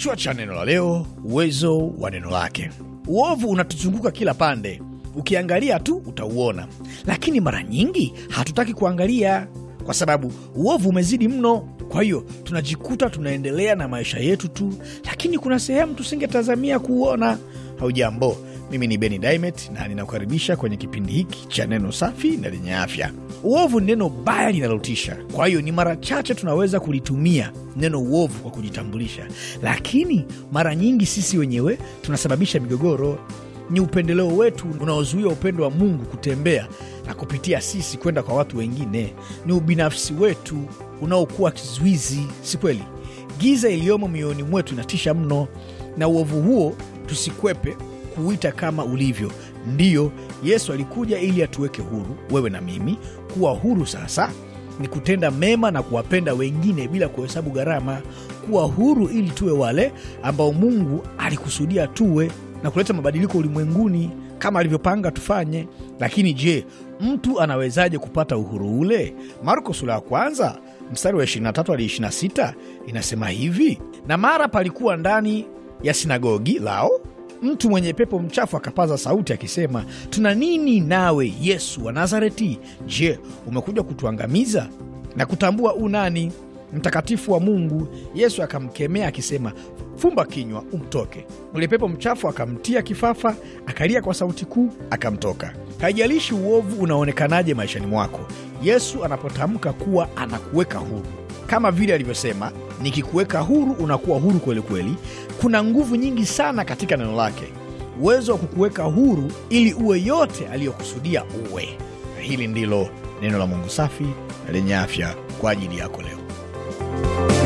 Kichwa cha neno la leo: uwezo wa neno lake. Uovu unatuzunguka kila pande, ukiangalia tu utauona, lakini mara nyingi hatutaki kuangalia kwa sababu uovu umezidi mno. Kwa hiyo tunajikuta tunaendelea na maisha yetu tu, lakini kuna sehemu tusingetazamia kuuona. Haujambo, mimi ni Beni Dimet na ninakukaribisha kwenye kipindi hiki cha neno safi na lenye afya. Uovu ni neno baya linalotisha, kwa hiyo ni mara chache tunaweza kulitumia neno uovu kwa kujitambulisha, lakini mara nyingi sisi wenyewe tunasababisha migogoro. Ni upendeleo wetu unaozuia upendo wa Mungu kutembea na kupitia sisi kwenda kwa watu wengine. Ni ubinafsi wetu unaokuwa kizuizi, si kweli? Giza iliyomo mioyoni mwetu inatisha mno, na uovu huo tusikwepe kuita kama ulivyo. Ndiyo, Yesu alikuja ili atuweke huru, wewe na mimi. Kuwa huru sasa ni kutenda mema na kuwapenda wengine bila kuhesabu gharama. Kuwa huru ili tuwe wale ambao Mungu alikusudia tuwe na kuleta mabadiliko ulimwenguni kama alivyopanga tufanye. Lakini je, mtu anawezaje kupata uhuru ule? Marko sura ya kwanza mstari wa 23 hadi 26 inasema hivi: na mara palikuwa ndani ya sinagogi lao Mtu mwenye pepo mchafu akapaza sauti akisema, tuna nini nawe Yesu wa Nazareti? Je, umekuja kutuangamiza? na kutambua unani mtakatifu wa Mungu. Yesu akamkemea akisema, fumba kinywa, umtoke. Ule pepo mchafu akamtia kifafa, akalia kwa sauti kuu, akamtoka. Haijalishi uovu unaonekanaje maishani mwako, Yesu anapotamka kuwa anakuweka huru kama vile alivyosema, nikikuweka huru unakuwa huru kweli kweli. Kuna nguvu nyingi sana katika neno lake, uwezo wa kukuweka huru ili uwe yote aliyokusudia uwe. Hili ndilo neno la Mungu safi na lenye afya kwa ajili yako leo.